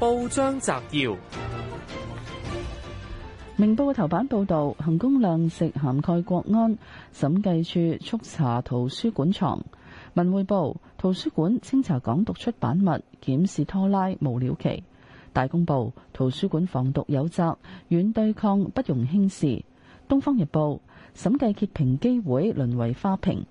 報章摘要：明報嘅頭版報道，行公量食涵蓋國安審計處速查圖書館藏。文匯報圖書館清查港獨出版物，檢視拖拉無了期。大公報圖書館防毒有責，軟對抗不容輕視。東方日報審計揭平機會淪為花瓶。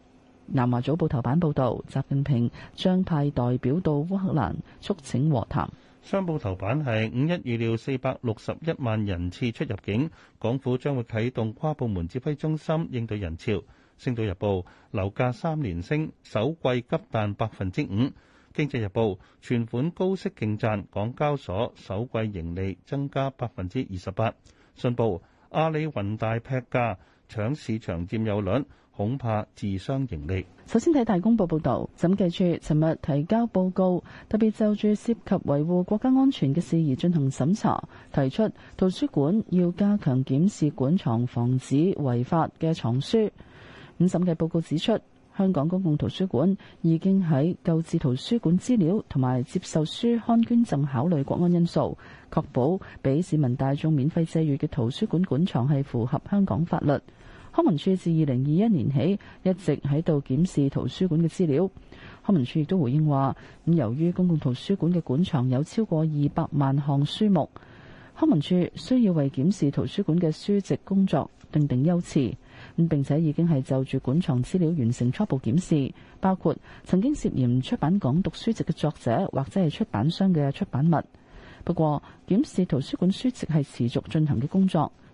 南華早報頭版報道，習近平將派代表到烏克蘭促請和談。商報頭版係五一，預料四百六十一萬人次出入境，港府將會啟動跨部門指揮中心應對人潮。星島日報樓價三連升，首季急彈百分之五。經濟日報存款高息競賺，港交所首季盈利增加百分之二十八。信報阿里雲大劈價，搶市場佔有率。恐怕自相盈利。首先睇大公報報導，審計處尋日提交報告，特別就住涉及維護國家安全嘅事宜進行審查，提出圖書館要加強檢視館藏，防止違法嘅藏書。咁審計報告指出，香港公共圖書館已經喺購置圖書館資料同埋接受書刊捐贈，考慮國安因素，確保俾市民大眾免費借閲嘅圖書館館藏係符合香港法律。康文署自二零二一年起一直喺度檢視圖書館嘅資料。康文署亦都回應話，咁、嗯、由於公共圖書館嘅館藏有超過二百萬項書目，康文署需要為檢視圖書館嘅書籍工作定定優次。咁、嗯、並且已經係就住館藏資料完成初步檢視，包括曾經涉嫌出版港獨書籍嘅作者或者係出版商嘅出版物。不過，檢視圖書館書籍係持續進行嘅工作。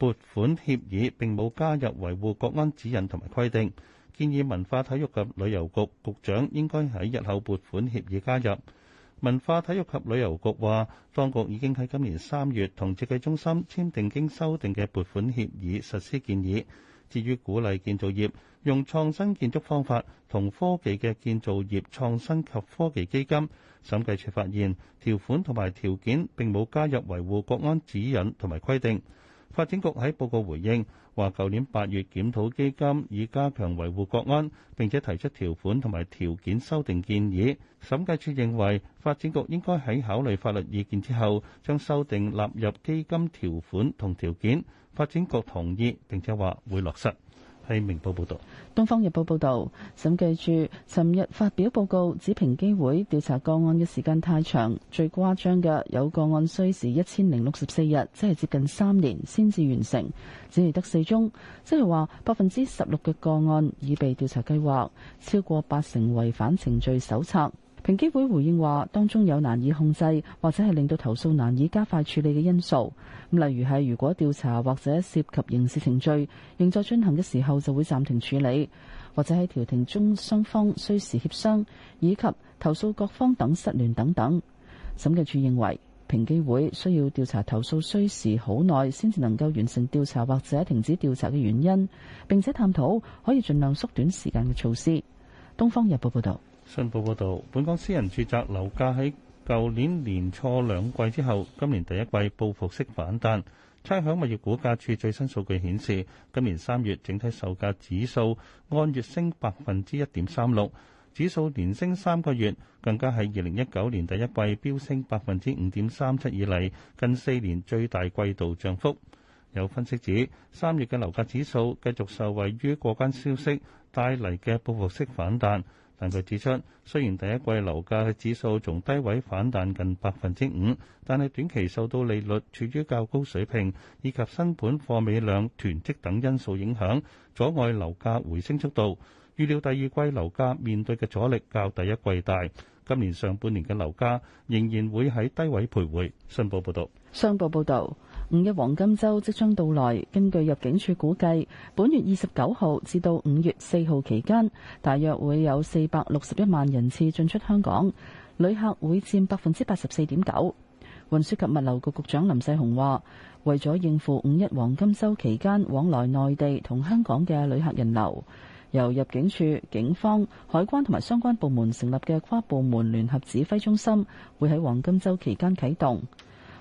撥款協議並冇加入維護國安指引同埋規定，建議文化體育及旅遊局局長應該喺日後撥款協議加入。文化體育及旅遊局話，當局已經喺今年三月同設計中心簽訂經修訂嘅撥款協議實施建議。至於鼓勵建造業用創新建築方法同科技嘅建造業創新及科技基金，審計處發現條款同埋條件並冇加入維護國安指引同埋規定。發展局喺報告回應話，舊年八月檢討基金，已加強維護國安，並且提出條款同埋條件修訂建議。審計處認為發展局應該喺考慮法律意見之後，將修訂納入基金條款同條件。發展局同意並且話會落實。《明報》報導，《東方日報》報道，審計署尋日發表報告，指平機會調查個案嘅時間太長，最誇張嘅有個案需時一千零六十四日，即係接近三年先至完成，只係得四宗，即係話百分之十六嘅個案已被調查計劃，超過八成違反程序手冊。平機會回應話，當中有難以控制或者係令到投訴難以加快處理嘅因素，例如係如果調查或者涉及刑事程序仍在進行嘅時候，就會暫停處理；或者喺調停中，雙方需時協商，以及投訴各方等失聯等等。審計署認為，平機會需要調查投訴需時好耐，先至能夠完成調查或者停止調查嘅原因，並且探討可以盡量縮短時間嘅措施。東方日報報道。信報報導，本港私人住宅樓價喺舊年年初兩季之後，今年第一季報復式反彈。差餉物業估價處最新數據顯示，今年三月整體售價指數按月升百分之一點三六，指數連升三個月，更加喺二零一九年第一季飆升百分之五點三七以嚟近四年最大季度漲幅。有分析指，三月嘅樓價指數繼續受惠於過關消息帶嚟嘅報復式反彈。但佢指出，雖然第一季樓價嘅指數從低位反彈近百分之五，但係短期受到利率處於較高水平以及新盤貨尾量囤積等因素影響，阻礙樓價回升速度。預料第二季樓價面對嘅阻力較第一季大，今年上半年嘅樓價仍然會喺低位徘徊。信報報道。商報報道。五一黃金週即將到來，根據入境處估計，本月二十九號至到五月四號期間，大約會有四百六十一萬人次進出香港，旅客會佔百分之八十四點九。運輸及物流局局長林世雄話，為咗應付五一黃金週期間往來內地同香港嘅旅客人流，由入境處、警方、海關同埋相關部門成立嘅跨部門聯合指揮中心，會喺黃金週期間啟動。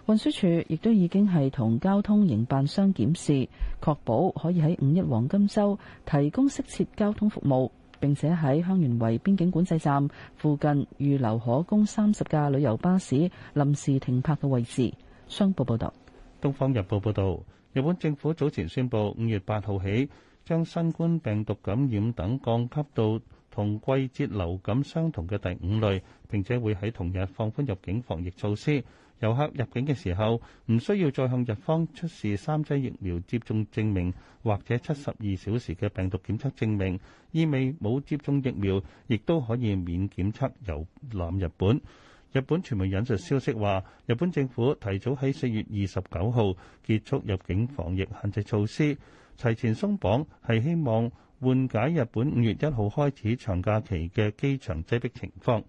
運輸署亦都已經係同交通營辦商檢視，確保可以喺五一黃金週提供適切交通服務，並且喺香園圍邊境管制站附近預留可供三十架旅遊巴士臨時停泊嘅位置。商報報導，《東方日報》報導，日本政府早前宣布，五月八號起將新冠病毒感染等降級到同季節流感相同嘅第五類，並且會喺同日放寬入境防疫措施。遊客入境嘅時候，唔需要再向日方出示三劑疫苗接種證明或者七十二小時嘅病毒檢測證明，意味冇接種疫苗亦都可以免檢測遊覽日本。日本傳媒引述消息話，日本政府提早喺四月二十九號結束入境防疫限制措施，提前鬆綁係希望緩解日本五月一號開始長假期嘅機場擠逼情況。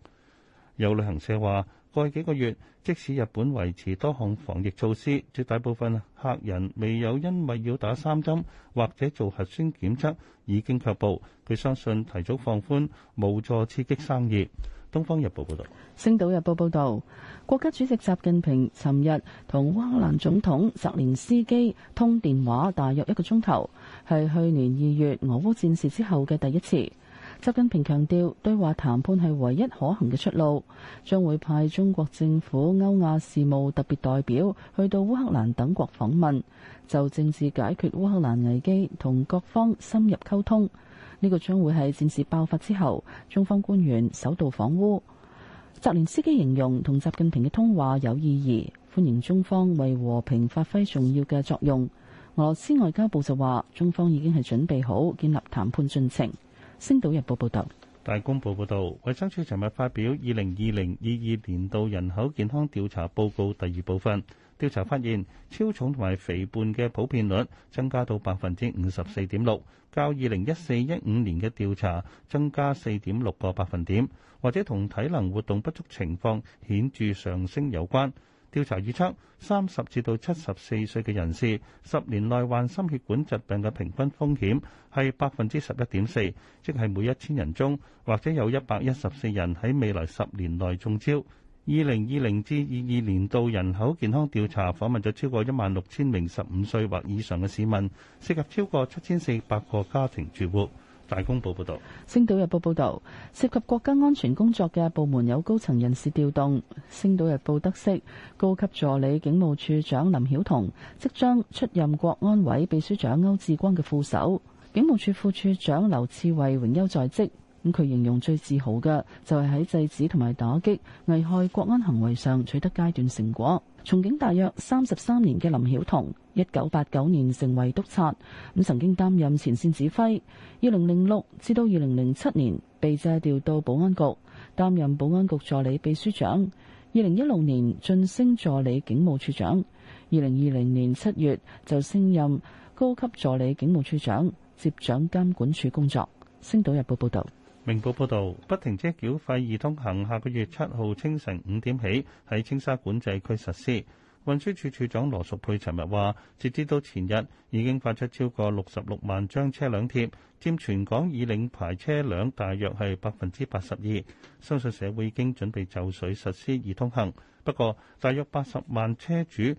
有旅行社話：過去幾個月，即使日本維持多項防疫措施，絕大部分客人未有因為要打三針或者做核酸檢測已經卻步。佢相信提早放寬無助刺激生意。《東方日報》報道，《星島日報》報道：國家主席習近平尋日同烏克蘭總統澤連斯基通電話大約一個鐘頭，係去年二月俄烏戰事之後嘅第一次。習近平強調，對話談判係唯一可行嘅出路，將會派中國政府歐亞事務特別代表去到烏克蘭等國訪問，就政治解決烏克蘭危機同各方深入溝通。呢個將會係戰事爆發之後中方官員首度訪烏。澤連斯基形容同習近平嘅通話有意義，歡迎中方為和平發揮重要嘅作用。俄羅斯外交部就話，中方已經係準備好建立談判進程。星島日報報道。大公報報道，衛生署尋日發表二零二零二二年度人口健康調查報告第二部分，調查發現超重同埋肥胖嘅普遍率增加到百分之五十四點六，較二零一四、一五年嘅調查增加四點六個百分點，或者同體能活動不足情況顯著上升有關。調查預測，三十至到七十四歲嘅人士，十年內患心血管疾病嘅平均風險係百分之十一點四，即係每一千人中，或者有一百一十四人喺未來十年內中招。二零二零至二二年度人口健康調查訪問咗超過一萬六千名十五歲或以上嘅市民，涉及超過七千四百個家庭住戶。大公報報道，《星島日報》報道，涉及國家安全工作嘅部門有高層人士調動。《星島日報》得悉，高級助理警務處長林曉彤即將出任國安委秘書長歐志光嘅副手，警務處副處長劉賜蕙榮休在職。咁佢形容最自豪嘅就係喺製止同埋打擊危害國安行為上取得階段成果。從警大約三十三年嘅林曉彤，一九八九年成為督察，咁，曾經擔任前線指揮。二零零六至到二零零七年被借調到保安局，擔任保安局助理秘書長。二零一六年晉升助理警務處長，二零二零年七月就升任高級助理警務處長，接掌監管處工作。星島日報報道。明報報導，不停車繳費易通行，下個月七號清晨五點起喺青沙管制區實施。運輸署署長羅淑佩尋日話，截至到前日已經發出超過六十六萬張車輛貼，佔全港已領牌車輛大約係百分之八十二。相信社會已經準備就緒實施易通行，不過大約八十萬車主，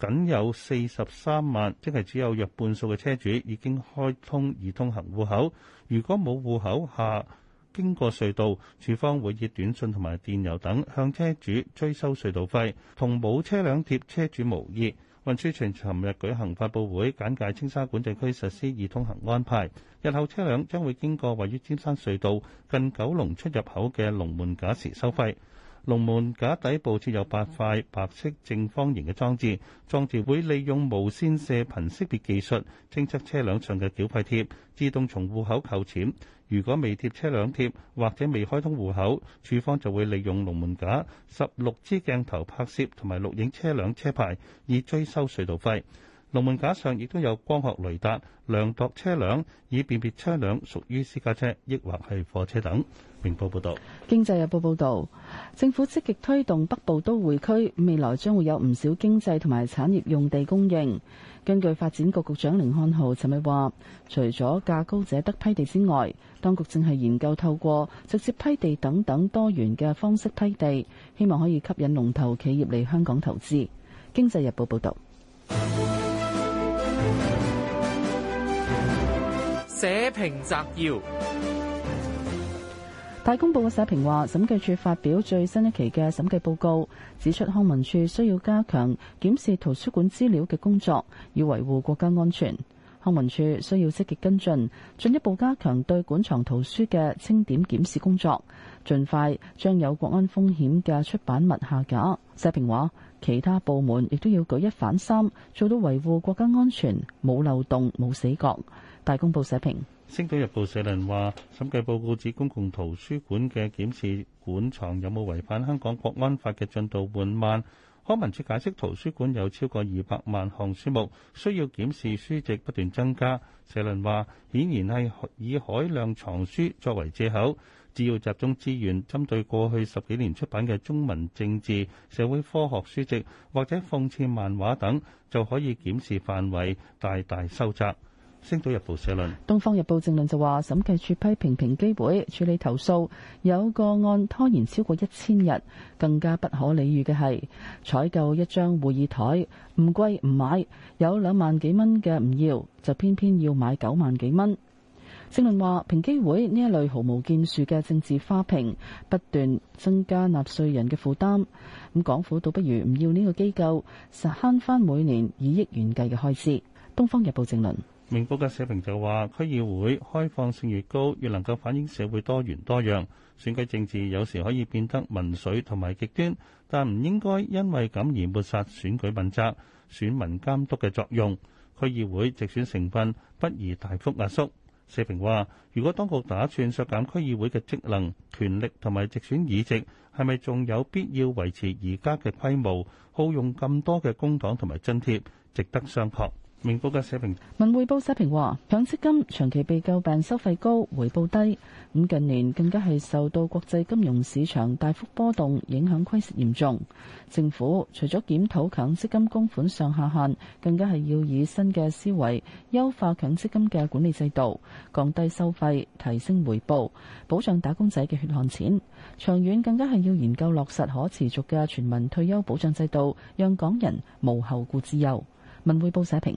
僅有四十三萬，即係只有約半數嘅車主已經開通易通行戶口。如果冇戶口下經過隧道，處方會以短信同埋電郵等向車主追收隧道費，同冇車輛貼車主無異。運輸署尋日舉行發佈會，簡介青沙管制區實施易通行安排。日後車輛將會經過位於尖山隧道近九龍出入口嘅龍門架時收費。龍門架底部設有八塊白色正方形嘅裝置，裝置會利用無線射頻識別技術偵測車輛上嘅繳費貼，自動從戶口扣錢。如果未貼車輛貼或者未開通戶口，署方就會利用龍門架十六支鏡頭拍攝同埋錄影車輛車牌，以追收隧道費。龍門架上亦都有光學雷達量度車輛，以辨別車輛屬於私家車抑或係貨車等。明報報道。經濟日報報道，政府積極推動北部都會區，未來將會有唔少經濟同埋產業用地供應。根據發展局局長甯漢豪尋日話，除咗價高者得批地之外，當局正係研究透過直接批地等等多元嘅方式批地，希望可以吸引龍頭企業嚟香港投資。經濟日報報道。社評摘要，大公報嘅社評話，審計處發表最新一期嘅審計報告，指出康文署需要加強檢視圖書館資料嘅工作，要維護國家安全。康文署需要積極跟進，進一步加強對館藏圖書嘅清點檢視工作，盡快將有國安風險嘅出版物下架。社評話。其他部門亦都要舉一反三，做到維護國家安全，冇漏洞、冇死角。大公報社評，《星島日報》社論話審計報告指公共圖書館嘅檢視館藏有冇違反香港國安法嘅進度緩慢，康文署解釋圖書館有超過二百萬項書目需要檢視，書籍不斷增加。社論話顯然係以海量藏書作為藉口。只要集中資源，針對過去十幾年出版嘅中文政治、社會科學書籍或者諷刺漫畫等，就可以檢視範圍大大收窄。星島日報社論，《東方日報》政論就話，審計處批評平機會處理投訴有個案拖延超過一千日，更加不可理喻嘅係採購一張會議台，唔貴唔買，有兩萬幾蚊嘅唔要，就偏偏要買九萬幾蚊。正論話，平機會呢一類毫無建樹嘅政治花瓶，不斷增加納稅人嘅負擔。咁，港府倒不如唔要呢個機構，實慳翻每年以億元計嘅開支。東方日報正論，明報嘅社評就話，區議會開放性越高，越能夠反映社會多元多樣。選舉政治有時可以變得民粹同埋極端，但唔應該因為咁而抹殺選舉問責、選民監督嘅作用。區議會直選成分不宜大幅壓縮。社評話：如果當局打算削減區議會嘅職能、權力同埋直選議席，係咪仲有必要維持而家嘅規模、耗用咁多嘅公帑同埋津貼？值得商榷。明報嘅社評。文匯報社評話，強積金長期被詬病收費高、回報低，咁近年更加係受到國際金融市場大幅波動影響，虧蝕嚴重。政府除咗檢討強積金供款上下限，更加係要以新嘅思維優化強積金嘅管理制度，降低收費，提升回報，保障打工仔嘅血汗錢。長遠更加係要研究落實可持續嘅全民退休保障制度，讓港人無後顧之憂。文匯報社評。